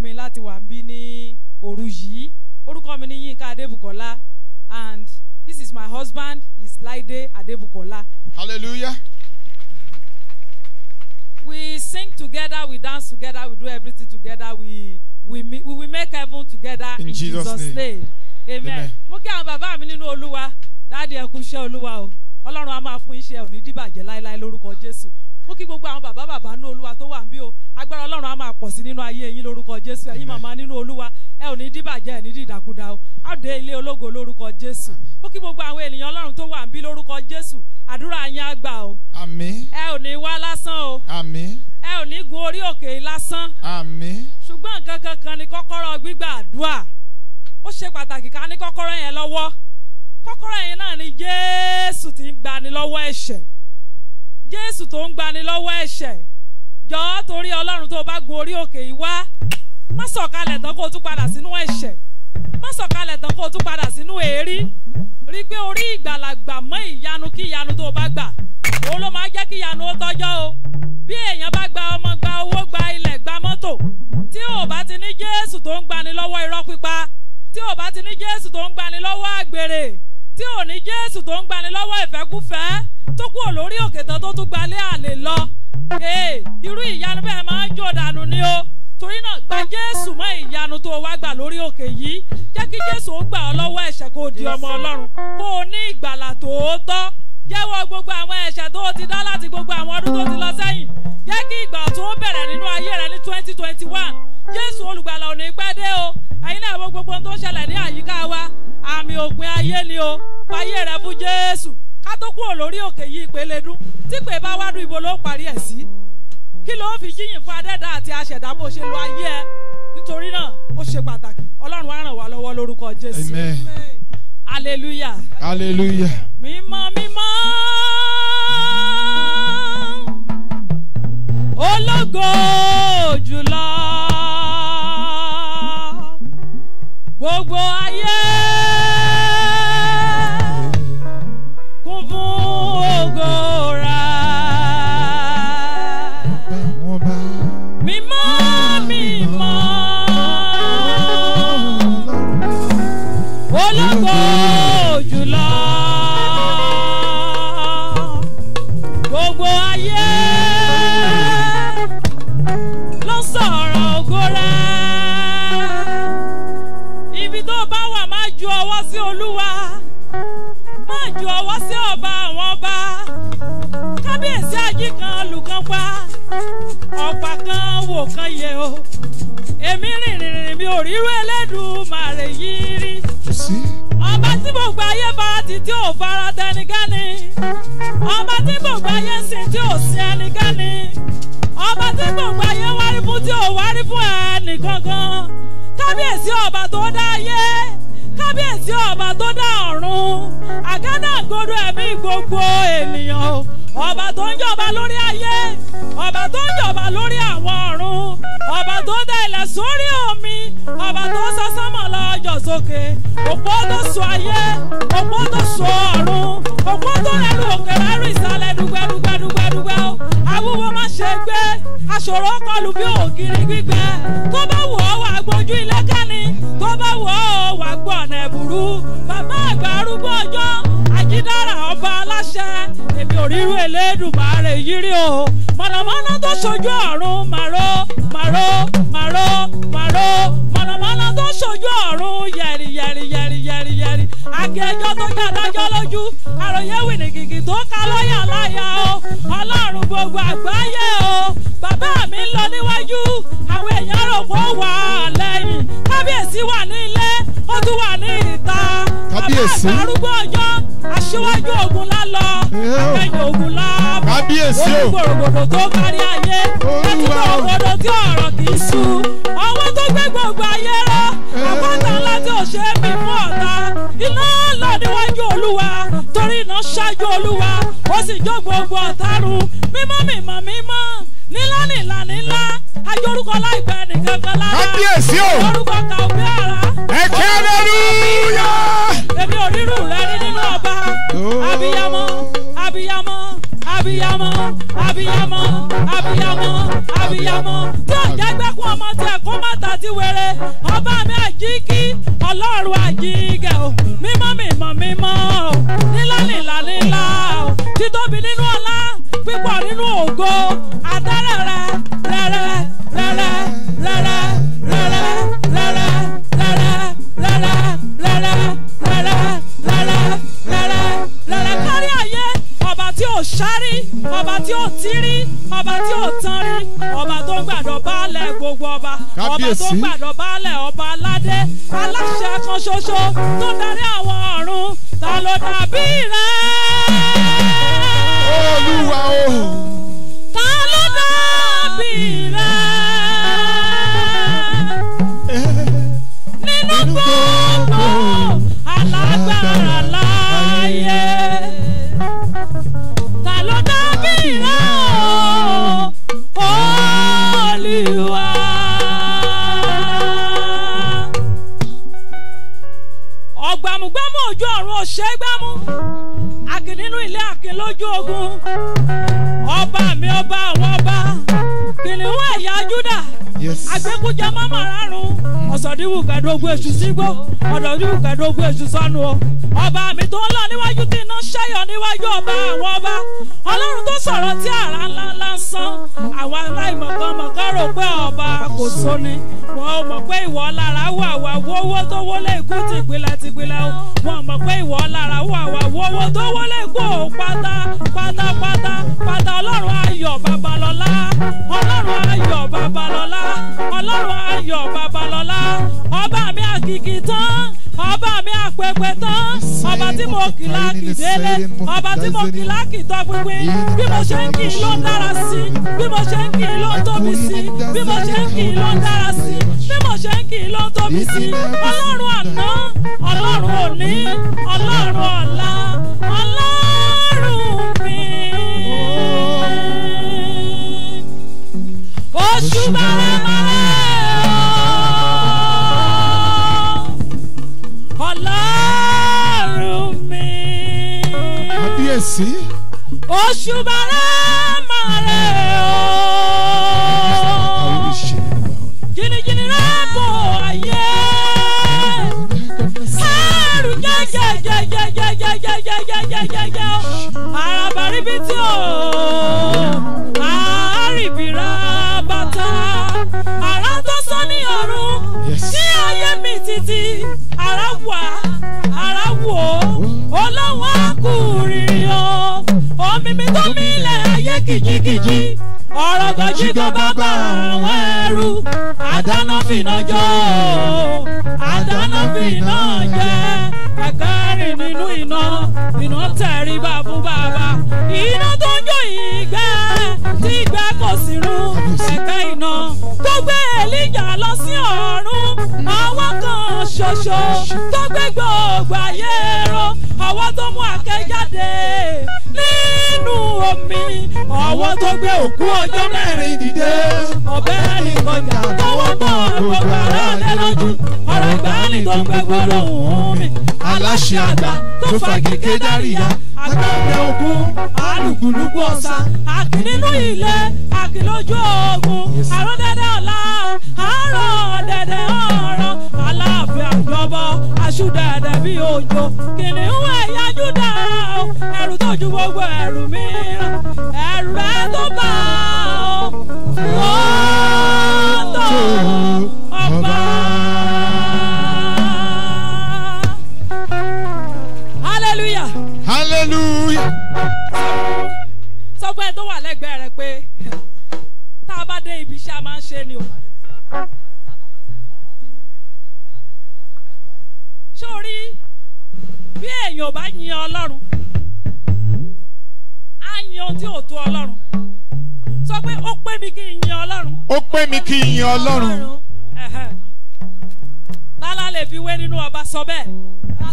mi láti wà ń bí ní òru yìí orúkọ mi ni Yínká Adébùkọ́lá and this is my husband is Laide Adébùkọ́lá. hallelujah. we sing together we dance together we do everything together we we we we make heaven together in, in Jesus, Jesus name. name amen. mo kí àwọn bàbá mi nínú Olúwa dáàdi ẹ kú Olúwa o ọlọ́run á máa fún iṣẹ́ òní dìbàjẹ́ láéláé lórúkọ jésù ó kí gbogbo àwọn bàbá bàbá nínú olúwa tó wà ń bí o agbára ọlọ́run á máa pọ̀ sí nínú ayé yín lórúkọ jésù ẹ̀yin màmá nínú olúwa ẹ ò ní dìbàjẹ́ ẹ̀ ní dìdàkudà o á dé ilé ológo lórúkọ jésù ó kí gbogbo àwọn ènìyàn ọlọ́run tó wà ń bí lórúkọ jésù àdúrà yín á gbà o àmín ẹ ò ní wá lásán o àmín ẹ ò ní gun orí òkè lásán àmín ṣùgbọ́n nǹkan kankan ni kọ́kọ́rọ́ gbígbà àdúrà ó ṣe pàtàkì ká ní kọ́kọ́rọ́ yẹn lọ́wọ́ kọ́kọ́rọ́ yẹn náà ni jésù ti ń gbani lọ́wọ́ ẹ̀ṣẹ̀ jésù tó ń gbani lọ́wọ́ ẹ̀ṣẹ̀ jọ̀ọ́ torí ọlọ́run tó bá gun orí òkè yìí wá má sọ̀kalẹ̀ tán kó o tún padà sínú ẹ̀ṣẹ̀ má sọ̀kalẹ̀ tán kó o tún padà sínú èérí rí i pé orí ìgbàlagbà mọ́ ìyanu kí ìyanu tó bá gbà òun ló máa jẹ́ kí ìyanu ó tọ́jọ́ o bí èèyàn bá gba ọmọ gba owó gba ilẹ̀ gba mọ́tò tí ò bá ti ní jésù tó ń gbani lọ́wọ́ irọ́ pípa tí ò bá ti ní jésù tó ń gbani lọ́wọ́ àgbèrè tí ò ní jésù tó ń gbani lọ́wọ́ ìfẹ́kúfẹ́ tó kú olórí òkè tán tó tún gbalé àlè lọ irú ìyanu bẹ́ẹ̀ máa ń jò dànù ni o torí náà gba jésù mọ́ ìyanu tó wá gbà lórí òkè yìí jẹ́ kí jésù ó gbà ọ́ lọ́wọ́ ẹ̀ṣẹ̀ kó o di ọmọ ọlọ́run kó o ní ìgbàlà tòótọ́ jẹ́wọ́ gbogbo àwọn ẹ̀ṣẹ̀ tó ti dá láti gbogbo àwọn ọdún tó ti lọ sẹ́yìn jẹ́ kí ìgbà tó bẹ̀rẹ̀ nínú ayé rẹ ní twenty twenty one jésù olùgbàlà ò ní pẹ́ dé o ẹ̀yin náà wo gbogbo tó ṣẹlẹ̀ ní àyíká wa àmì òpin ayé ni o fàyè rẹ fún jésù ká tó kúrò lórí òkè yìí ìpele dún tí pè bá wá ibo ló parí ẹ̀ sí kí ló fi yíyìn fún adẹ́dá àti aṣẹ̀dá bó ṣe lo ayé ẹ nítorí náà ó ṣe pàtàkì ọlọ́run á ràn wá lọ́wọ́ lórúkọ jésù hallelujah hallelujah mímọ́ mímọ́. lógo jùlọ gbogbo ayé. olúwa má ju ọwọ́ sí ọba àwọn ọba kábíyèsí ají kan lù pa ọ̀pá kan wò kan yẹ o èmi rìn rìn rìn mi ò ríru Elédùmarè yìí rí ọba tí gbogbo ayé fara ti tí ò fara tẹnikẹ́ni ọba tí gbogbo ayé sìn tí ò sìn ẹnikẹ́ni ọba tí gbogbo ayé wárí fún tí ò wárí fún ẹnìkankan kábíyèsí ọba tó dá ayé kábíyèsí ọba tó dá ọ̀run àgádágodo ẹ̀mí gbogbo ènìyàn ọba tó ń jọba lórí ayé ọba tó ń jọba lórí àwọn ọ̀run ọba tó dá ilẹ̀ sórí omi ọba tó sọ sánmọ̀ lọ́jọ́ sókè òpó tó sọ ayé òpó tó sọ ọ̀run òpó tó lẹ́nu òkè lẹ́rù ìsàlẹ̀ dùgbẹ́dùgbẹ́dùgbẹ́dùgbẹ́ awúwo má ṣe gbé aṣòro kọlù bí ògiri gbígbẹ tó bá wọ̀ ọ́ wà gbójú ilé kẹ́ni tó bá wọ̀ ọ́ wà gbọ́ ọ̀nà ẹ̀bùrú bàbá àgbà arúgbó ọjọ́ àjídára ọba aláṣẹ èmi ò rírú elédùnmáre yírí o mọ̀nàmọ́ná tó ṣojú ọ̀run màró màró màró màró mọ̀nàmọ́ná tó ṣojú ọ̀run yẹ̀rì yẹ̀rì yẹ̀rì yẹ̀rì yẹ̀rì àgẹjọ́ tó jẹ́ adájọ́ lójú àròyé wìnìkìkì tó ká lọ́yà láyà o ọlọ́run gbogbo àgbáyé o bàbá mi ń lọ níwájú àwọn èèyàn rò kó wà lẹ́yìn kábíyèsí wà ní ilé ó tún wà ní ìta kábíyèsí arúgbó ọjọ́ aṣíwájú ogun lálọ àtẹ̀yìn ogun láàbọ̀ kábíyèsí o kó kárí ayé láti kó òdodo tí ọ̀rọ̀ kì í sú ọwọ́ tó gbé gbogbo ayé rọ eh. àpáta ńlá tí ò ṣe é fi fún ọ̀tá iná lọ níwájú olúwa torí iná ṣáájú olúwa ó sì jó gbogbo ọ̀tá run mímọ́ mímọ́ mímọ́ nílá nílá nílá ajorúkọ láìpẹ́ nìkan kan lára kábíyèsí o orúkọ kàwé ara ẹkẹ alẹ́lúyà èmi ò rírù rẹ nínú ọba oh. abiyamọ abiyamọ abiyamọ abiyamọ abiyamọ abiyamọ tí ọjà gbẹkun ọmọ tí ẹkún mọta ti wéré ọba mi àjíkí ọlọ́run àjíkẹ o mímọ́ mímọ́ mímọ́ o nílá nílá nílá o títóbi nínú ọlá pípọ̀ nínú ògo àdárẹ̀ rẹ rẹrẹ rẹrẹ rẹrẹ rẹrẹ rẹrẹ rẹrẹ rẹrẹ rẹrẹ. ọba tí ò ṣárí ọba tí ò tírí ọba tí ò tanrí ọba tó ń gbàdọ̀ baálẹ̀ gbogbo ọba ọba tó ń gbàdọ̀ baálẹ̀ ọba aládé aláṣẹ kan ṣoṣo tó darí àwọn ọ̀run ta ló dàbí rẹ. olúwa o. ta ló dàbí rẹ. dogun èṣù sígbó ọ̀dọ̀ ojú kẹ̀ dogun èṣù sọnù o ọba mi tó ń lọ níwájú tí iná ṣẹ́yọ níwájú ọba àwọn ọba ọlọ́run tó sọ̀rọ̀ tí àrà ńlá ńlá ń san àwọn aláìmọ̀kan mọ̀kan rò pé ọba kò sóni wọn ò mọ̀ pé ìwọ lára wọ àwa wọ́wọ́ tó wọlé ikú tìpìlẹ̀ tìpìlẹ̀ o wọn ò mọ̀ pé ìwọ lára wọ àwa wọ́wọ́ tó wọlé ikú o pátá pátá pátá pátá ọlọ́run ayọ̀ babalọ́lá ọlọ́run ayọ̀ babalọ́lá ọlọ́run ayọ̀ babalọ́lá ọba mi àkìkì tán ọba mi àpèpè tán ọba tí mo kì láàkì délé ọba tí mo kì láàkì tọ pinpin bí mo ṣe ń kì í ló ń dára sí bí mo ṣe ń kì í ló ń tóbi sí bí mo ṣe ń kì í ló ń dára sí bí mo ṣe ń kì í ló ń tóbi sí ọlọ́run àná ọlọ́run òní ọlọ́run ọ̀la ọlọ́run mi. Oṣù bàrà. sí. Òṣùbà rẹ̀ máa rẹ̀ o. Jìnnìjìnnì rẹ̀ bò ayé. Ẹrù jẹjẹjẹjẹjẹjẹjẹjẹjẹjẹjẹ àràbà ríbi tí o. Àárìbìrà bàtà. Àrà tó sọ ní ọ̀run. Ní ayé mi títí. Àrà wà. Àrà wò. Ọlọ́wọ́n á kúrì o omi mi tó mi lẹ̀ ayé kìjikìji ọ̀rọ̀ gọ̀jí tó bá bá àwọn ẹrú àdáná fìnà jọ́ àdáná fìnà jẹ́ ẹ̀ka rìn nínú iná iná tẹríba fún bàbá iná tó ń jó ìgbẹ́ tí ìgbẹ́ kò sí rú ẹ̀ka iná tó gbé èlíjà lọ sí ọ̀run àwọn kan ṣoṣo tó gbé gbogbo ayé ró àwọn tó mú àkẹ́ jáde nínú omi àwọn tó gbé òkú ọjọ́ mẹ́rin dìde ọ̀bẹ nìkan jà tọwọ́ gbogbo àrà ọ̀dẹ́ ọ̀rọ̀ ìgbà tó ń gbẹ gbọ́dọ̀ òun mi aláṣẹ àgbà tó fàgé kédàríyá agbábẹ́ ogun alùpùpù ọ̀sà àkì nínú ilẹ̀ àkì lójú ogun àròdẹ́dẹ́ ọ̀la àárọ̀ ọ̀dẹ̀dẹ̀ ọ̀rọ̀ aláàfin àjọbọ aṣúdẹ̀dẹ̀ bí òjò kìnìún ẹ̀yà júdà ẹ̀rù tó ju gbogbo ẹ̀rù mìíràn ẹ̀rù rẹ̀ tó bá ọ̀ wọ́n tó. O tó wà lẹ́gbẹ̀ẹ́ rẹ pé tá a bá ibi iṣẹ́ a máa ń ṣe ni o. sórí bí èèyàn bá yin ọlọ́run á yin ohun tí ò tó ọlọ́run sọ pé ó pé mi kí n yin ọlọ́run. ó pé mi kí n yin ọlọ́run. tálá lè fi wé nínú ọba sọ bẹ́ẹ̀.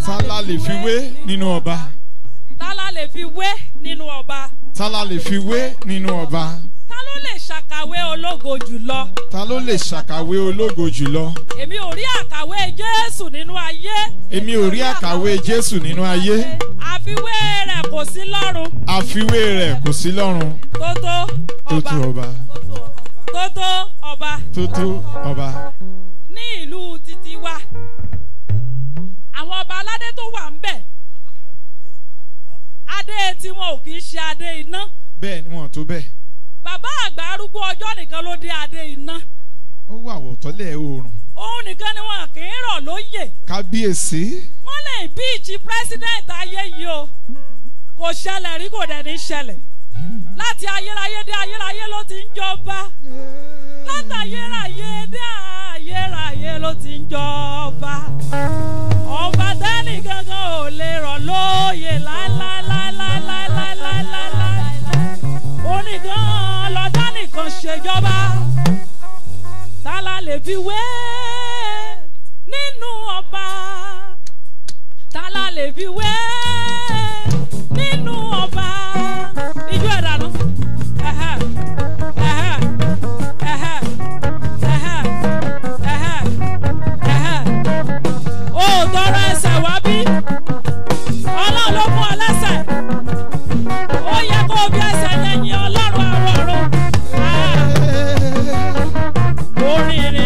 tálá lè fi wé nínú ọba. tálá lè fi wé nínú ọba. ta la lè fi we nínú ọba. ta ló lè ṣàkàwé ológo jùlọ. ta ló lè ṣàkàwé ológo jùlọ. èmi ò rí àkàwé jésù nínú ayé. èmi ò rí àkàwé jésù nínú ayé. àfiwé rẹ̀ kò sí lọ́run. àfiwé rẹ̀ kò sí lọ́run. tótó ọba tótó ọba tótó ọba tótó ọba. ní ìlú titi wa àwọn ọba aládé tó wà ń bẹ̀ adé tí wọn ò kì í ṣe adé iná. bẹ́ẹ̀ ni wọn ò tó bẹ́ẹ̀. bàbá àgbà arúgbó ọjọ́ nìkan ló dé adé iná. ó wà wọ̀tọ́lẹ̀ oòrùn. òun nìkan ni wọn kì í rọ̀ lóyè. kábíyèsí. wọ́n lè impeach president ayé yìí o kò ṣẹlẹ̀ rí kò dẹ̀ ní ṣẹlẹ̀ láti ayérayé dé ayérayé ló ti ń jọba látàyérayé dé ayérayé ló ti ń jọba ọba tẹ́nì gangan ò lè rọ̀ lóyè láéláéláéláéláéláéláé oníkan lọ́dá nìkan ṣèjọba tálá lè fi wé nínú ọba tálá lè fi wé nínú ọba. lẹ́sẹ̀ ó yẹ kó o fi ẹsẹ̀ lẹ́yìn ọlọ́run àrọ̀rọ̀. Ah. orin rẹ̀.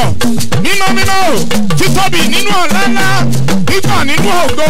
sọ̀rọ̀ nínú mímọ́ o títóbi nínú ọ̀la ńlá títọ̀ nínú ògo.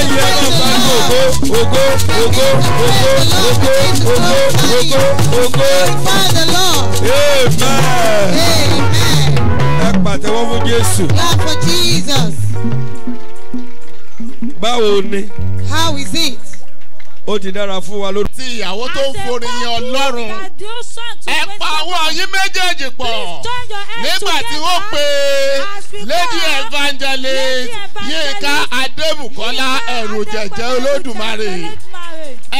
lẹ́yìn ẹ̀ náà bá ní ògo ògo ògo ògo ògo amen. ẹ pàtẹ́wọ́ fún Jésù. clap for Jesus. báwo ni. how is it ó ti dára fún wa lórí. ti ìyàwó tó ń forin yin ọlọ́run ẹ pa àwọn ọyìn méjèèjì pọ̀ nígbà tí wọ́n pe lady evangelist yinka adébùkọ́lá ẹ̀rù jẹ̀jẹ̀ olódùmarè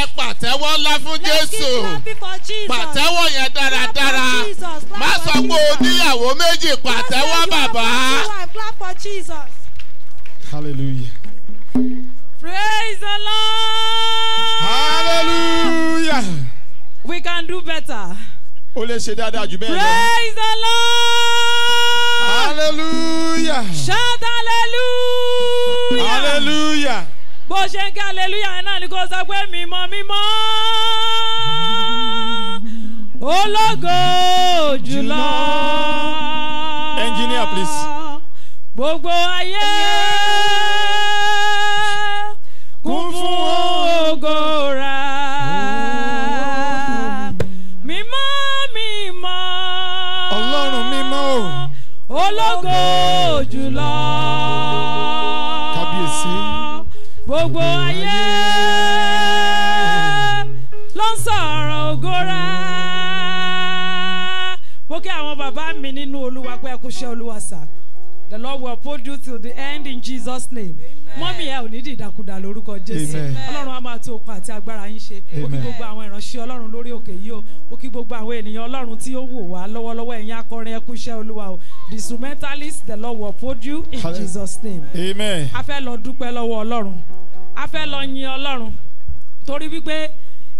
ẹ pàtẹ́wọ́ ńlá fún jésù pàtẹ́wọ́ yẹn dáradára má sọ pé o níyàwó méjì pàtẹ́wọ́ bàbá. hallelujah. praise the lord. hallelujah. we can do better. praise the lord hallelujah shout hallelujah hallelujah bó ṣe ń kí hallelujah yẹn náà ni kò sọ pé mímọ́ mímọ́ ológo engineer please. gbogbo ayé kún fún ògo rẹ̀. ológo jùlọ. kábíyèsí. gbogbo ayé ló ń sọ̀rọ̀ ògo rẹ̀. mo kí àwọn bàbá mi nínú olúwa pé ẹ kú iṣẹ́ olúwa sà. The Lord will uphold you till the end in Jesus' name. Mọ́mí ẹ ò ní dìdàkudà lórúkọ Jésù. Ọlọ́run á máa tó okun àti agbára yín ṣe. Ó kí gbogbo àwọn ìránṣẹ́ Ọlọ́run lórí òkè yìí o. Ó kí gbogbo àwọn ènìyàn Ọlọ́run tí ó wò wá lọ́wọ́lọ́wọ́ ẹ̀yin akọrin ẹkú iṣẹ́ Olúwa o. The instrumentalist the Lord will uphold you in Jesus' name. Amen. A fẹ́ lọ dúpẹ́ lọ́wọ́ Ọlọ́run. A fẹ́ lọ yin Ọlọ́run. Torí wípé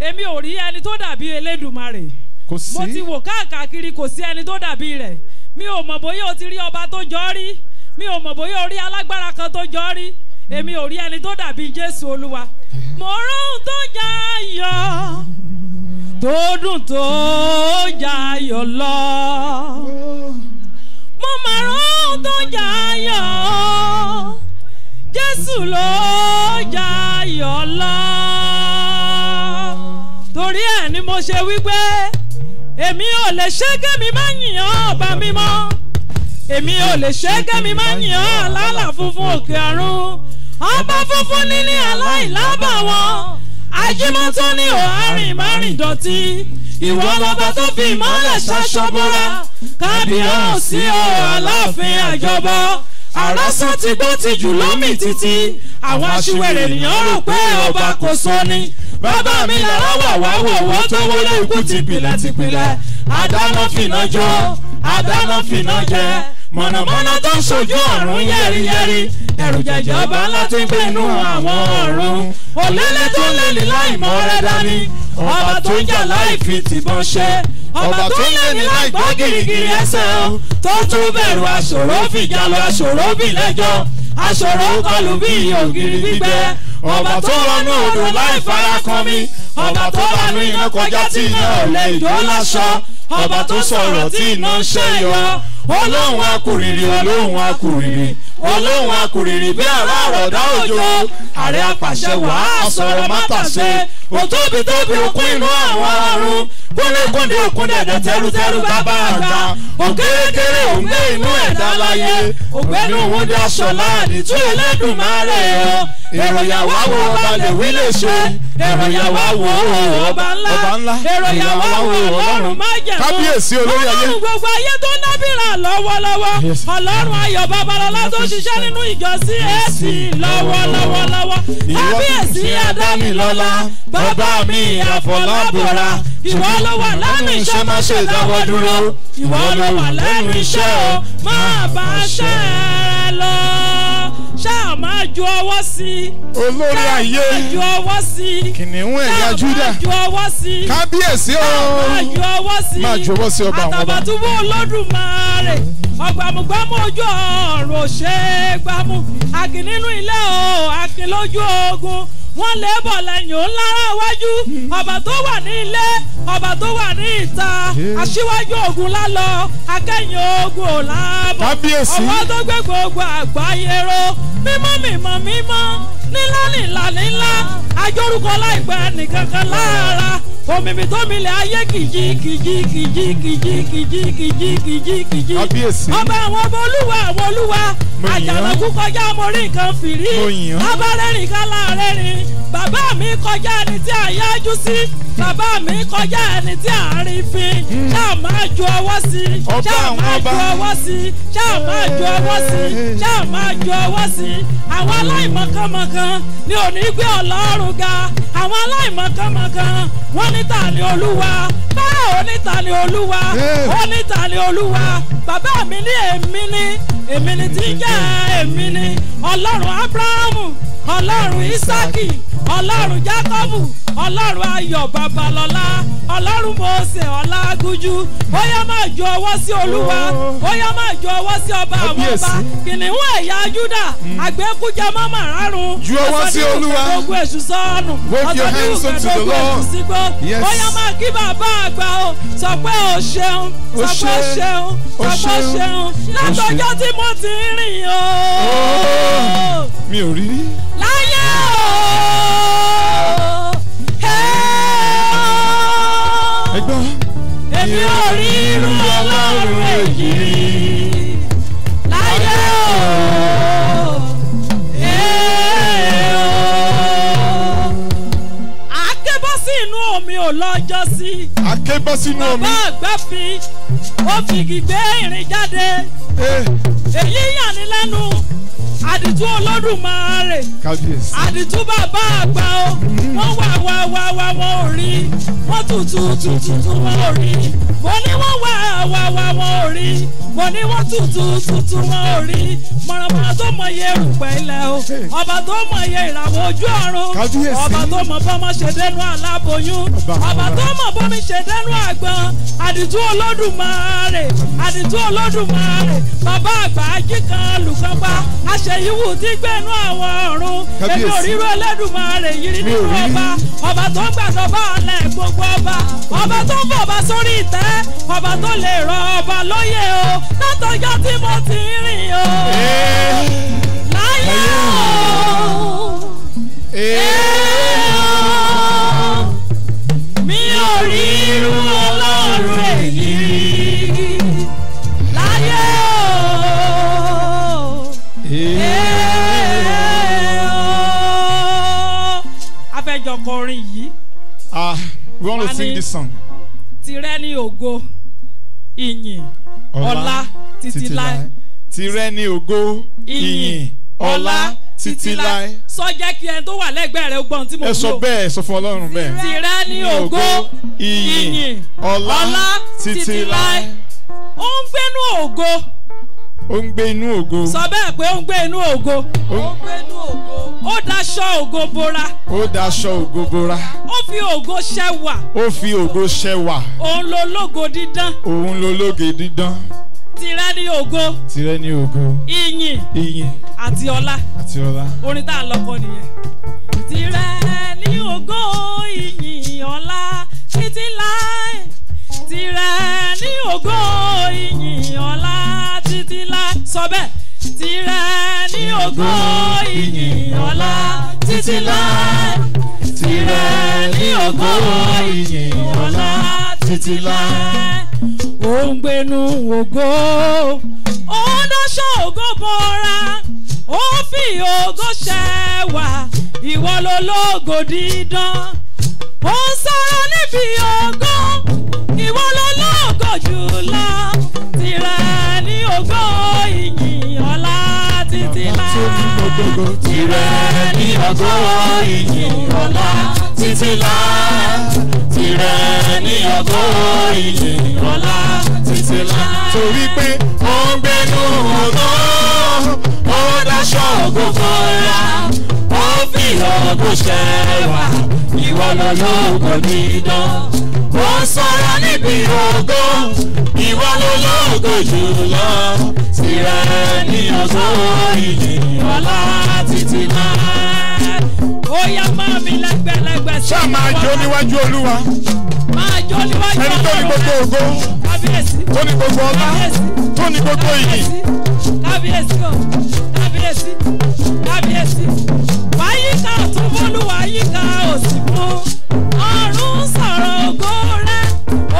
èmi ò rí ẹni tó dàbí Elédùmarè. Kò sí. Mo ti wò káàkiri kò sí ẹni tó dàbí rẹ̀ mi ò mọ̀ bóyá o ti rí ọba tó jọ rí mi ò mọ̀ bóyá o rí alágbára kan tó jọ rí èmi ò rí ẹni tó dàbí Jésù Olúwa mo rán tó jà tó dùn tó jà lọ mo mà rán tó jà Jésù ló jà lọ torí ẹ̀ ni mo ṣe wí pé èmi ò lè ṣe kémi má yìnyàn ọba mímọ́ èmi ò lè ṣe kémi má yìnyàn àlálà funfun òkè ọ̀run ọba funfun níní aláìlábàwọ́ ajímọ́tò ní òhárìn márìn dọ̀tí ìwọ lọba tó fi ìmọ́lẹ̀ ṣaṣọ́bọ́ra kábíyèsí o aláàfin àjọbọ àrásán ti gbó ti jù lómì títí àwọn aṣiwèrè ènìyàn rò pé ọba kò sọ ni bàbá mi làrá wà wá wò wọ́n tó wọlé ikú tìpìlẹ̀ tìpìlẹ̀ àdáná fìnà jọ àdáná fìnà jẹ mọ̀nàmọ́ná tó ń sojú ọ̀run yẹ́rìyẹ́rì ẹ̀rù jẹ̀jọba ńlá ti gbẹ̀nu àwọn ọ̀run òlélẹ̀ tó lẹ́ni láì mọ́ rẹ̀ dání ọba tó ń jà láì fi tìbọn ṣe ọba tó ń lẹ́ni láì gbọ́ gìrìgìrì ẹsẹ̀ o tó tún bẹ̀rù aṣòro fìjà lọ aṣòro bì lẹ́jọ́ aṣòro kọlù bí ògiri gbígbẹ ọba tó wọnú odò láì fara kan mi ọba tó wọnú iná kọjá tí iná ò lè dó láṣọ ọba tó sọ̀rọ̀ tí iná ń ṣẹ́yọ olóhùn akùrìrì olóhùn akùrìrì olóhùn akùrìrì bí àrà àròdá òjò ààrẹ apàṣẹ wàá sọ̀rọ̀ mátàṣe òtóbi tóbi òkú inú àwọn àrùn kúnlẹ̀kúndé òkun dẹ̀dẹ̀ tẹ́rútẹ́rú bàbá àgbà òkèrèkèrè òǹgbẹ inú ẹ̀dá láyé ògbẹ́nu òun di aṣọ láàdì tún ẹlẹ́dùn máa rẹ̀ yọ èrò yàwá wo balẹ̀ wí lè ṣe èrò yàwá wò ó ọba ńlá èrò yàwá wò ọlọ́run má jẹ̀mú kábíyèsí olórí ayé ọlọ́run gbogbo ayé tó nábìrà lọ́wọ́lọ́wọ́ ọlọ́run ayọ̀ babalọ́lá tó ṣiṣẹ́ nínú ìjọ CAC lọ́wọ́lọ́wọ́lọ́wọ́ kábíyèsí adámilọ́lá bàbá mi àfọlábọ̀ra ìwọ ló wà lẹ́nu iṣẹ́ má ṣe dáwọ́ dúró ìwọ ló wà lẹ́nu iṣẹ́ o máa bá ṣẹ́ lọ ṣáà máa ju ọwọ́ sí i. olórí ayé ṣáà máa ju ọwọ́ sí i. kìnìún ẹ̀yà júdà ṣáà máa ju ọwọ́ sí i. kábíyèsí ooo máa ju ọwọ́ sí i. máa ọba àwọn ọba. àtàbàtúbú olódùmarè ọgbàmùgbàmù ojú ọ̀run ṣe é gbámú àkìn nínú ilé o àkìn lójú ogun wọ́n lè bọ̀ lẹ́yìn òun lára iwájú tó wà ní ilé ọba tó wà ní ìta aṣíwájú ogun lálọ akẹ́yìn ogun ò láàbọ̀ tó gbé gbogbo àgbáyé ró mímọ́ mímọ́ mímọ́ nílá nílá nílá ajórúkọ láìpẹ́ nìkankan lára òmìmì tó milẹ̀ ayé kìjì kìjì kìjì kìjì kìjì kìjì kìjì kìjì ọba àwọn ọmọ olúwa àwọn olúwa àjàlọ́kú kọjá mọ́rí nǹkan fìrí abárẹ́rìn kálá rẹ́rìn bàbá mi kọjá ní tí àyájú sí bàbá mi kọjá ẹni tí à ń rí fin ṣáà máa ju ọwọ́ sí i máa ju ọwọ́ sí i máa ju ọwọ́ sí i máa ju ọwọ́ sí àwọn aláìmọ̀kànmọ̀kàn ni ò ní gbé ọlọ́run ga àwọn aláìmọ̀kànmọ̀kàn wọ́n ní ta ni olúwa báà ó ní ta ni olúwa ó ní ta ni olúwa bàbá mi ní èmi ní èmi ní tí jẹ́ èmi ní ọlọ́run abrahamu ọlọ́run isaki ọlọ́run Jákọ́bù ọlọ́run ayọ̀ babalọ́lá ọlọ́run Mósè ọlágúnjú bóyá máa jọ ọwọ́ sí olúwa bóyá oh. máa jọ ọwọ́ sí ọba àwọn ọba kìnìún ẹ̀yà Júdà hmm. àgbẹ̀kújẹ mọ́mọ́ rárun ju ọwọ́ sí olúwa gbogbo èṣù sọ́ọ̀nù ọ̀tọ́dúnrún gbogbo èṣù sígbó bóyá máa kí bàbá àgbà o sọ pé o ṣeun sọ pé ṣeun sọ pé ṣeun látọjọ́ tí mo ti rìn o. Oh. mi ò rí rí láyé o. Oh! ẹgbọ́n èmi ò rí irú ọlọ́run èyí rí láyé o. Oh! akébọ́ sí inú omi ò lọ́jọ́ sí. akébọ́ sínú omi. bàbá irin jáde. Eh. èyí yàn ní lẹ́nu àdìtú olódùmarè àdìtú bàbá àgbà o wọ́n wà wà wà wà wọ́n ò rí wọ́n tutù tutù tù wọ́n ò rí mo ní wọ́n wà wà wà wọ́n ò rí mo ní wọ́n tutù tutù wọ́n ò rí mọ̀rànmọ́ra tó mọ iye erùpẹ̀ ilẹ̀ o ọba tó mọ iye ìràwọ̀ ojú ọ̀run ọba tó mọ bọ́mọ ṣe dẹnu aláboyún ọba tó mọ bọ́mi ṣe dẹnu àgbọn àdìtú olódùmarè àdìtú olódùmarè bàbá àgbà ajíkan lùkọ́gbá àṣẹ ṣèyíwù tí gbẹ̀nú àwọn ọ̀run èmi ò ríro Ẹlẹ́dùmarè yìí rí nínú ọba ọba tó gbàdọ̀bà ọ̀lẹ̀ gbogbo ọba ọba tó ń bọ̀ bá sórí ìtẹ́ ọba tó lè rọ ọba lóyè o látọjọ́ tí mo ti rìn o láyé o. will sing this song. Tirẹ̀ ni ògo, ìyìn, ọlá, títí láé. Tirẹ̀ ni ògo, ìyìn, ọlá, títí láé. Sọ jẹ́ kí ẹni tó wà lẹ́gbẹ̀ẹ́ rẹ̀ gbọ́n tí mo lò. Ẹ sọ bẹ́ẹ̀ sọ fún Ọlọ́run bẹ́ẹ̀. Tirẹ̀ ni ògo, ìyìn, ọlá, títí láé. Ó ń gbénú ògo ó ń gbé inú ògo. sọ bẹ́ẹ̀ pé ó ń gbé inú ògo. ó ń gbé inú ògo. ó daṣọ ògo bora. ó daṣọ ògo bora. ó fi ògo ṣẹwà. ó fi ògo ṣẹwà. òun lo lógo dídán. òun lo lógo dídán tirẹ ní ògo. tirẹ ní ògo. iyìn. iyìn. àti ọlá. àti ọlá. orin tá a lọ kọ nìyẹn. tirẹ ní ògo iyìn ọlá títí láì. tirẹ ní ògo iyìn ọlá títí láì sọ bẹ́ẹ̀ tirẹ̀ ní ògo ìyìn ọlá títí láì tirẹ̀ ní ògo ìyìn ọlá títí láì. ó ń gbénu ògo ó dáṣọ ògo bọ́ra ó fi ògo ṣẹwà ìwọ ló dídán ó ń sọ̀rọ̀ níbi ògo ìwọ ló lógo jùlọ tìrẹ ní ògo ìyìn ọlá títí láì tìrẹ ní ògo ìyìn ọlá títí láì tìrẹ ní ògo ìyìn ọlá títí láì torí pé ó ń gbẹnu ọgọ́. lóògùn ṣẹwà ìwọ lọ lóògùn dídán ó sọ̀rọ̀ níbi ògo ìwọ lọ lóògùn jùlọ tirẹ̀ ní ọ̀sán ìyìn ọlá títí máa. ó máa mi lẹ́gbẹ̀lẹ́gbẹ̀ sí ìwọ. ṣá máa jó níwájú olúwa. máa jó níwájú olúwa. ẹni tó ní gbogbo ògo. tó ní gbogbo ọlá. tó ní gbogbo ìyìn. kábíyèsí o kábíyèsí kábíyèsí bàbá yíká ọ̀tún bólúwa yíká òsì fún ọ̀run sọ̀rọ̀ ògo rẹ̀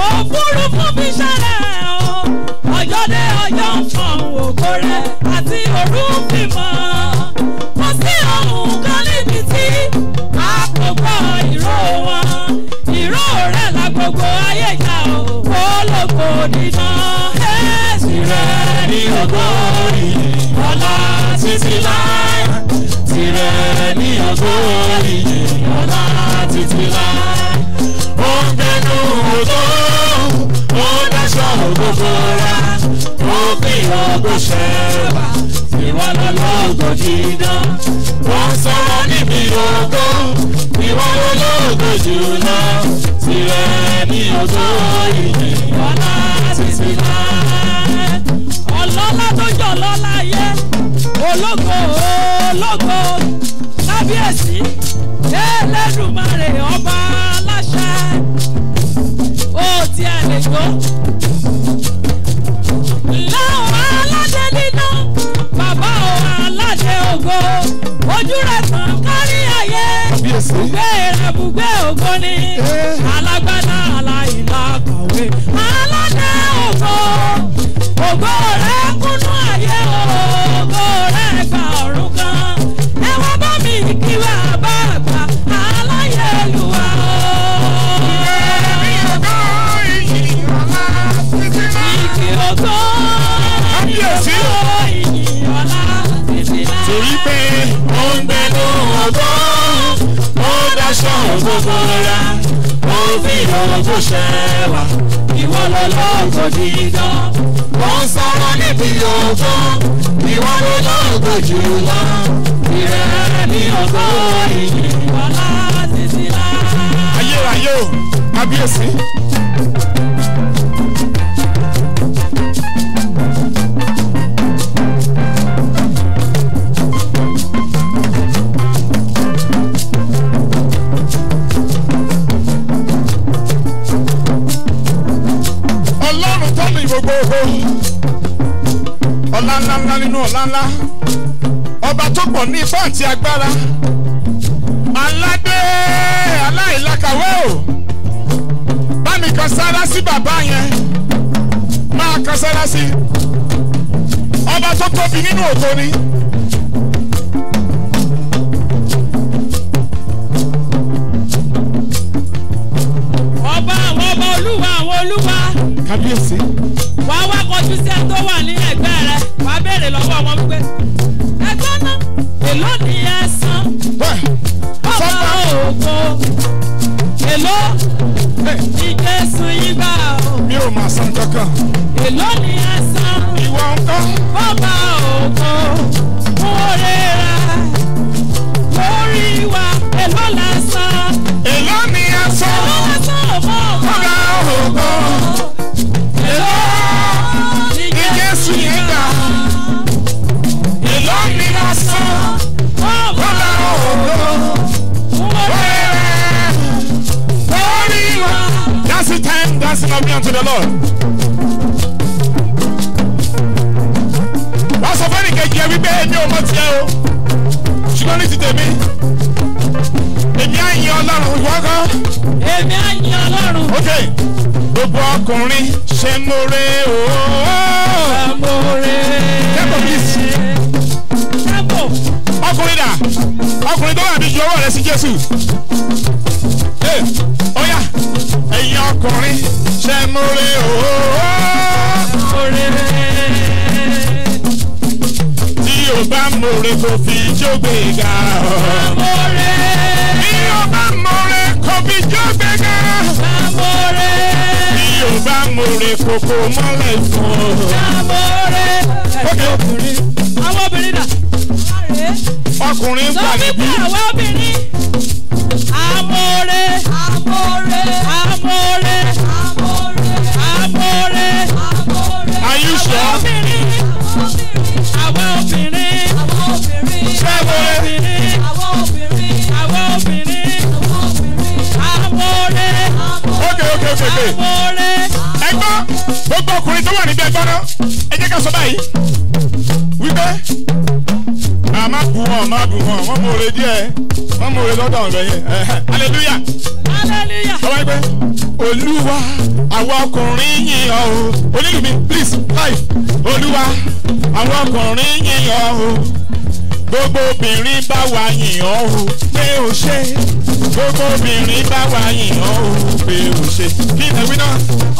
òfurufú fi ṣẹlẹ̀ o ọjọ́ dé ọjọ́ ń fọ̀n ògo rẹ̀ àti òru fi mọ́ kò sí ohun kan níbi tí a kò gbọ́ ìró wọn ìró rẹ̀ la ayé yá o kó nínú ẹ̀sìn rẹ̀ ní ògo ìyẹn ọ̀la títí láyé tirẹ̀ ní àtòrí ìyá láti ti la. ó ń bẹnu òjò ó dáṣọ ògbófo ra ó fi ọgbó ṣẹwà ìwà lọ́lọ́gbọ̀ jídán. wọ́n sọ̀rọ̀ níbi ògbó ìwà lọ́lọ́gbọ̀ jùlọ tirẹ̀ ní àtòrí ìyá láti ti la. ọlọ́lá tó jọ lọ́láyé ológo ológo kábíyèsí ẹlẹ́dùnmarè ọba aláṣẹ ó ti àlejò láwọn aládé nínú bàbá òun aládé ògo ojú rẹ̀ tàn kárí ayé bùgbé rẹ̀ bùgbé ògo ni eh. alágbádá aláìlákàwé aládé ògo. tó ṣẹ́ wa ìwọ ló lóògùn dídán wọ́n sára níbi ọjọ́ ìwọ ló lóògùn jùlọ ìrẹ́ ní ọgọ́ ìyìn wọlá títí lá. ayé ayé o kábíyèsí. ọlá ńlá ńlá nínú ọlá ńlá ọba tó pọ̀ ní ipá àti agbára aládé aláìlákàwé o bá mi kan sára sí bàbá yẹn máa kan sára sí ọba tó tóbi nínú ògo ni. ọba àwọn ọba olúwa àwọn olúwa. kábíyèsí. wà á wá kọjú sí ẹni tó wà ní ẹgbẹ́ rẹ wà á béèrè lọ́wọ́ wọn wípé ẹgbẹ́ náà èló ni ẹ san ọmọ ògo èló ni Jésù yín gbà o. mi ò máa san kankan. èló ni ẹ san ìwọ nǹkan ọmọ ògo fún oore rẹ lórí wa èló lẹ san. èló ni ẹ san ọmọ ògo. ṣe ọkùnrin yìn ọ́ o oníyìí mi please life olúwa àwọn ọkùnrin yìn ọ́ o gbogbo obìnrin bá wa yìn ọ́ o pé o ṣe gbogbo obìnrin bá wa yìn ọ́ o pé o ṣe kí ni ẹ̀wí náà.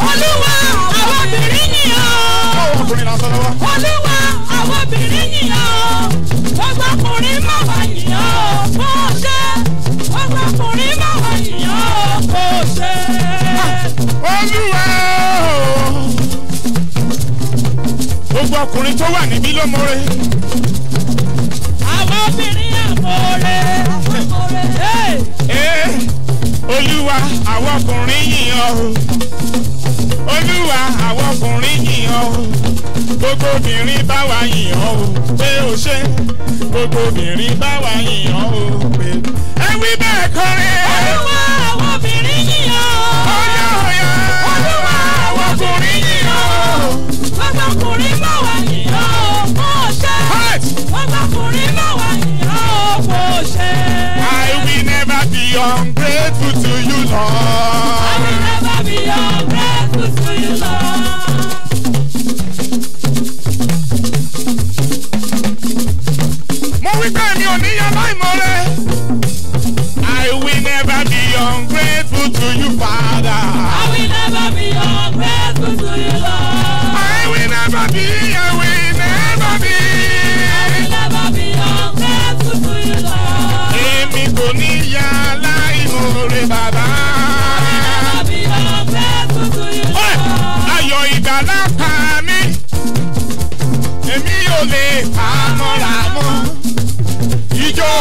olúwa àwọn obìnrin yìn ọ́ olúwa àwọn obìnrin yìn ọ́ gbogbo ọkùnrin má wa yìn ọ́ bó ṣe gbogbo ọkùnrin má wa yìn ọ́ bó ṣe olúwa gbogbo ọkùnrin tó wà níbí ló mọ̀re. àwọn obìnrin àmọ̀re. ee eh, olúwa àwọn ọkùnrin yìn ọ́ olúwa àwọn ọkùnrin yìn ọ́ gbogbo obìnrin bá wa yìn ọ́ o pé o ṣe gbogbo obìnrin bá wa yìn ọ́ o pé ẹ wí bẹ́ẹ̀ kọrin. olúwa àwọn obìnrin yìn ọ́ ọkùnrin yìí o gbogbo ọkùnrin máa wà yìí o kò ṣe gbogbo ọkùnrin máa wà yìí o kò ṣe. I will never be ungrateful to you, Lord.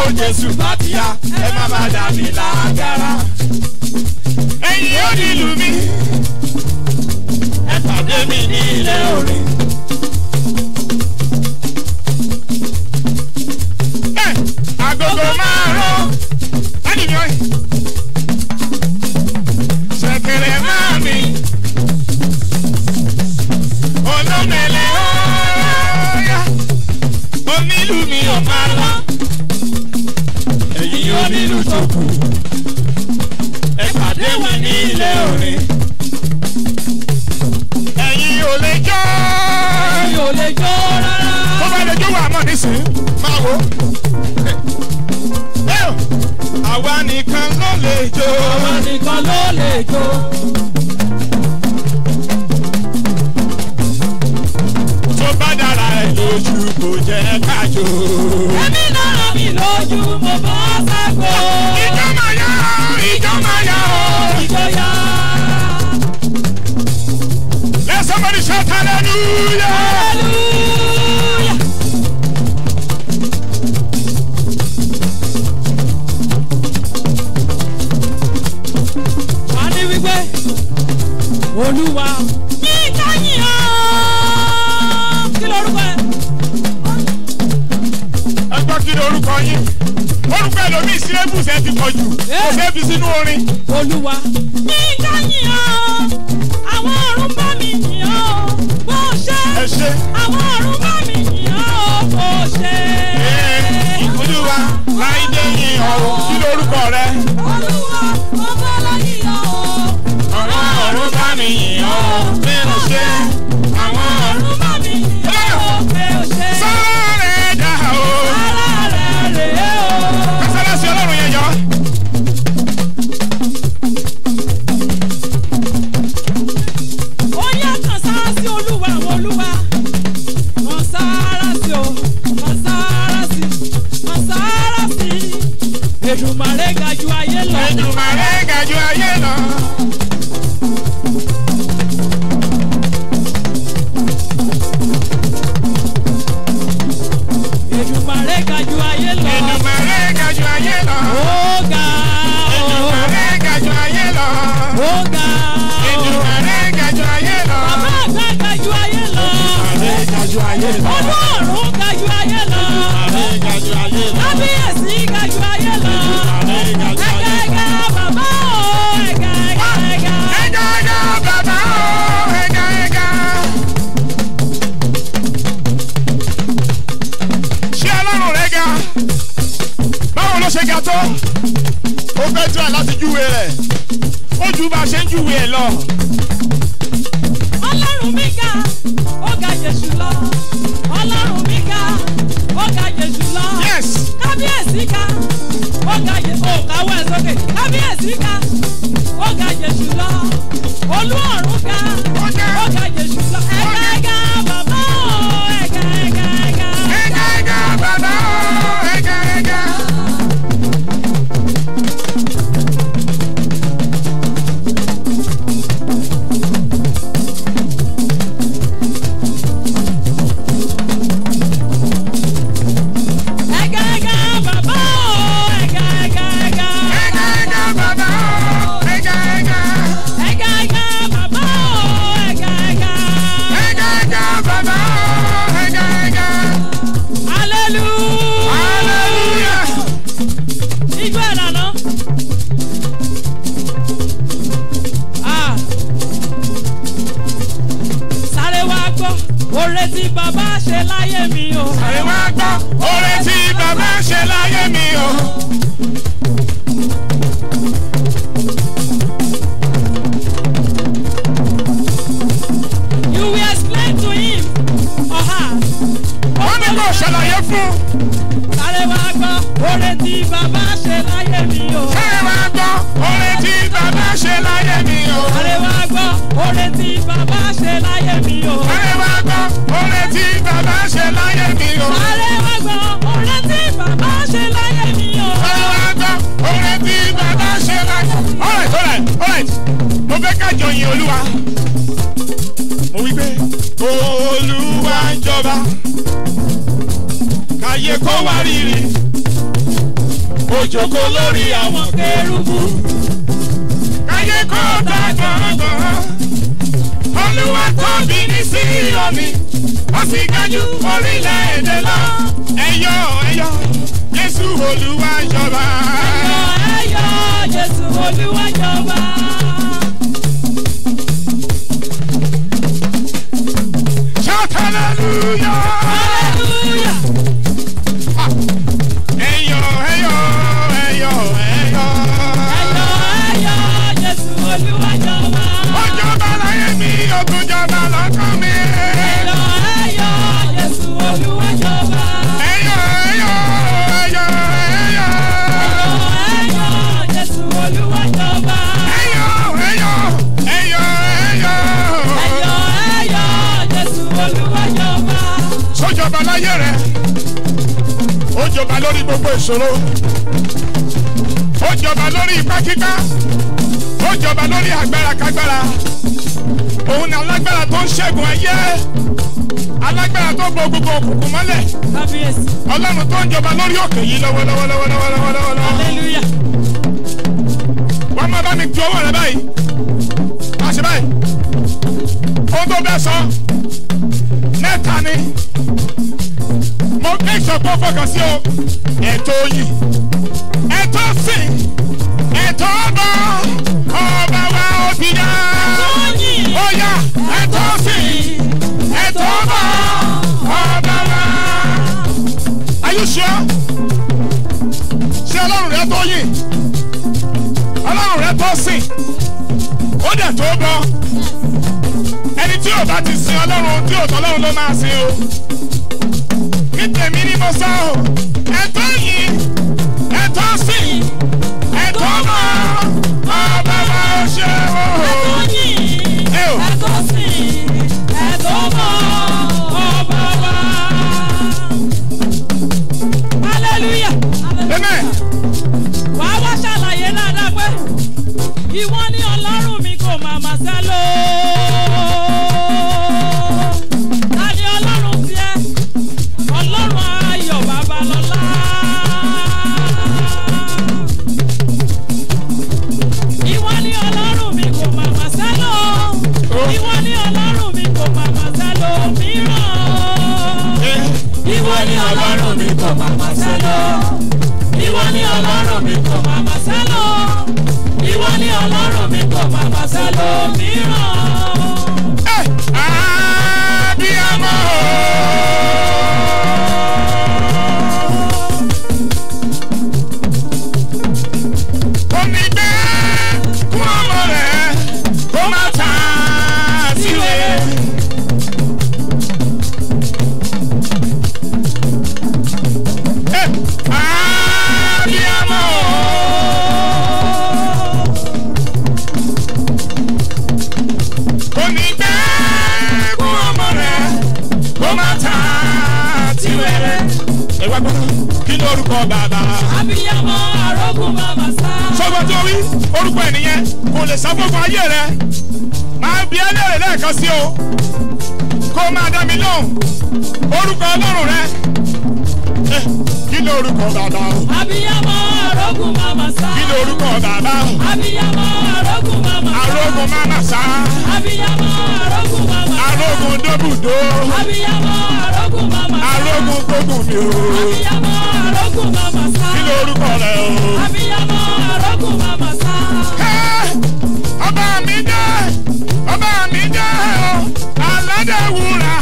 o Jésù bá ti yá ẹ má má dà mí lágara. Ẹ̀yin yóò nílù mi. Ẹ pàdé mi ní ilé orin. Agogo máa. oore tí bàbá ṣe láyé mi o. sáré wá gbọ́ oore tí bàbá ṣe láyé mi o. you will explain to him or her. wọ́n ní kò ṣàlàyé fún. sáré wá gbọ́. Oore tí bàbá ṣe láyé mi o. Ṣé wá gbọ́? Oore tí bàbá ṣe láyé mi o. Àrẹ wá gbọ́? Oore tí bàbá ṣe láyé mi o. Àrẹ wá gbọ́? Oore tí bàbá ṣe láyé mi o. Àrẹ wá gbọ́? Oore tí bàbá ṣe láyé mi o. Àrẹ gbọ́? Oore bàbá ṣe láyé mi o. All right, all right, all right. Mo fẹ́ ká jọ yin Olúwa. Mo wí pé Olúwa jọba. Kàyé kó wá rírì ó jókòó lórí àwọn kérúbù. káyé kó ta gbọ̀ngbọ̀n olúwa tóbi ní síyọ̀mí ó sì ga jù orílẹ̀-èdè lọ. ẹ̀yọ́ ẹ̀yọ́ jésù olúwa jọba. ẹ̀yọ́ ẹ̀yọ́ jésù olúwa jọba. Shout hallelujah! Hallelujah! gbogbo ìṣòro. ó jọba lórí ipá kíká ó jọba lórí agbára kágbára òun ni alágbára tó ń ṣẹ́gun ayé alágbára tó gbọ́ gbogbo òkùnkùn mọ́lẹ̀ ọlọ́run tó ń jọba lórí òkè yìí lọ́wọ́lọ́wọ́ lọ́wọ́lọ́wọ́. hallelujah. wọ́n máa bá mi ju ọwọ́ rẹ báyìí má ṣe báyìí ohun tó bẹ́ẹ̀ sọ mẹ́ta ni location tó eto sí eto si, eto ẹ̀tọ́ sí ẹ̀tọ́ bọ́ ọba wa òbí dá ó yá ẹ̀tọ́ sí ẹ̀tọ́ wa. Are you sure? ṣé ọlọ́run rẹ tó yìn ọlọ́run rẹ tó si, ó dẹ̀ tó bọ́ ẹni tí ò bá ti sin ọlọ́run tí ò tọ́lọ́run ló máa sin o ní tèmi ni mo sọ ọ́ ẹ̀tọ́ yìí ẹ̀tọ́ sí ẹ̀tọ́ mọ́ ọba wa ó ṣe o. ẹ̀tọ́ yìí ẹ̀tọ́ sí ẹ̀tọ́ mọ́. ọlọ́run mi kò má wá sẹ́lòmíràn. ẹ eh, àbíyamọ. omi gbé. ayé rẹ máa bi ẹ́ léèrè lẹ́ẹ̀kan sí o kó máa dá mi lóhùn orúkọ ọlọ́run rẹ eh, kí ló orúkọ bàbá o. abiyamọ arógùn mama sá. kí ló orúkọ bàbá o. abiyamọ arógùn mama sá. arógùn mama sá. abiyamọ arógùn mama sá. arógùn dóbùdó. abiyamọ arógùn mama sá. arógùn gbógun mi o. abiyamọ arógùn mama sá. kí ló orúkọ rẹ o. abiyamọ arógùn mama sá ọba mi dé ọba mi dé o aládé wúrà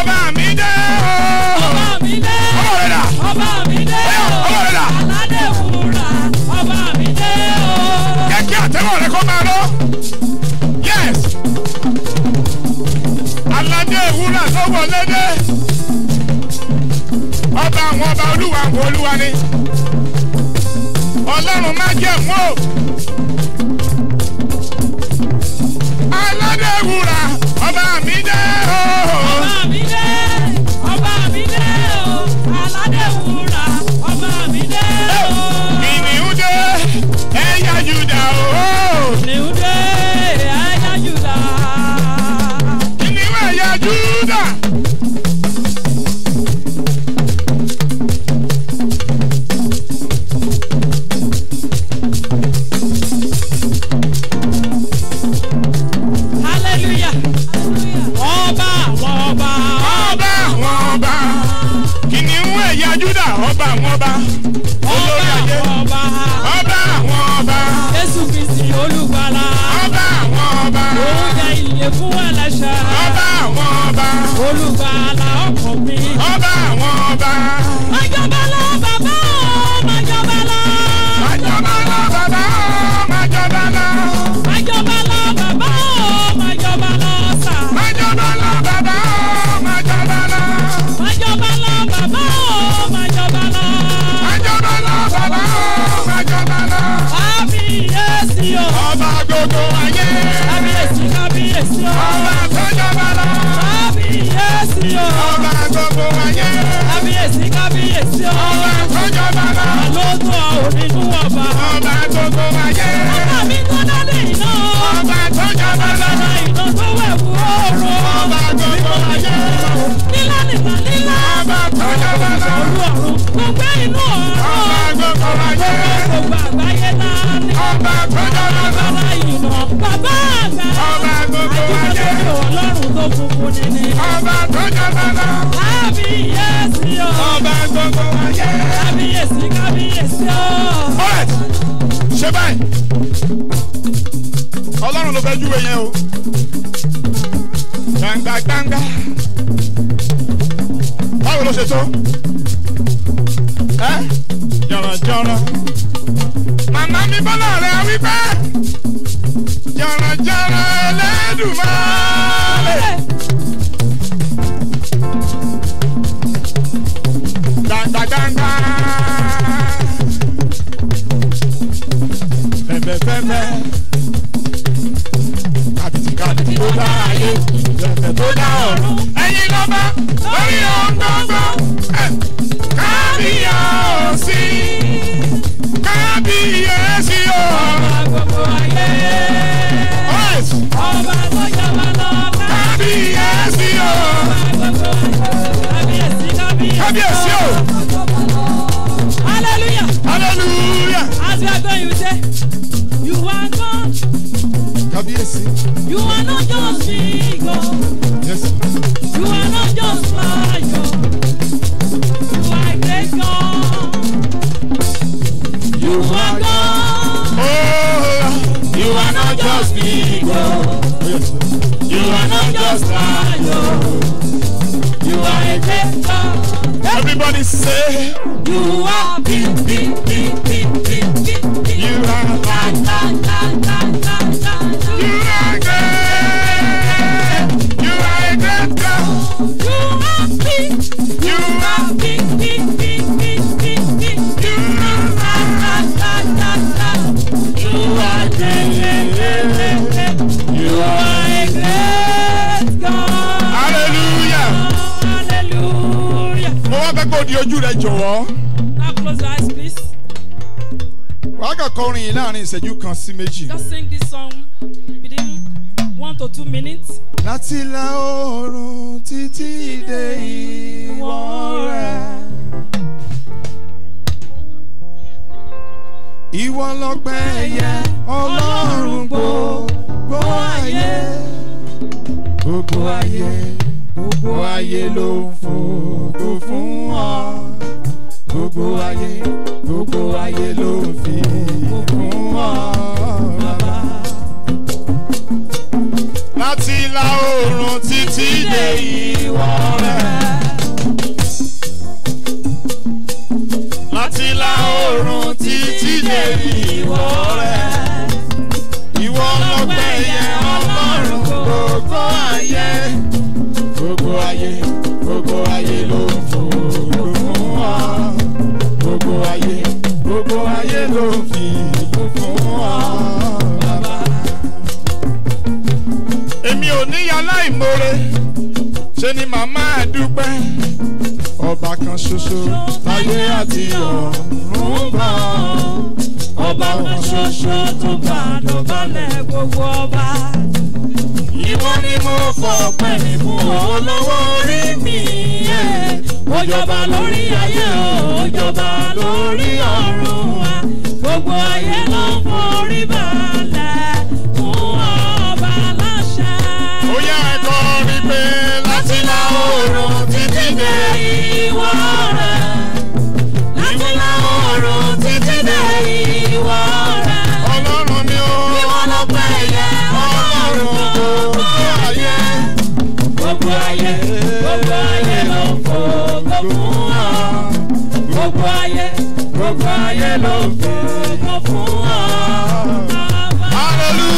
ọba mi dé o. ọba mi dé ọba ọba mi dé o ọba rẹ̀ ọba mi dé o. kẹ̀kẹ́ àtẹ́wọ̀n rẹ̀ kọ́ máa lọ. yes aládé wúrà tó wọlé dé ọba àwọn ọba olúwa àwọn olúwa ni ọlọ́run má jẹ́ mú o. wúrà ọba mi dé o. ọba mi dé ọba mi dé o alade wura, ọba mi dé o. kìnìún dé ẹ̀yà Júdà o. ayé gbogbo ayé ló ń fògo fún ọ gbogbo ayé gbogbo ayé ló ń fi fún ọ bàbá. láti ìlà oòrùn títí dé ìwọ̀ rẹ̀. láti ìlà oòrùn títí dé ìwọ̀ rẹ̀ ìwọ ọlọ́gbẹ́ yẹ ọlọ́run gbogbo ayé gbogbo ayé gbogbo ayé ló ń fòògùn fún ọ gbogbo ayé gbogbo ayé ló ń fi ìlú fún ọ. èmi ò níyà láìmoore ṣe ni màmá dúpẹ́ ọba kan ṣoṣo láyé àti ọ̀run bá ọ ọba wọn ṣoṣo tó bá dọ̀bálẹ̀ gbogbo ọba. Ìwọ ni mo fọpẹ́ mi fún ọ lọ́wọ́ orí mi. Ó jọba lórí ayé o, ó jọba lórí ọ̀run wa. Gbogbo ayé ló ń forí balẹ̀ fún ọba láṣẹ. Ó yẹ ẹ̀kọ́ mi pé láti la oòrùn títí dé ìwọ rẹ̀. Láti la oòrùn títí dé ìwọ rẹ̀. gbogbo ayé ló ń fún ọ hallelujah.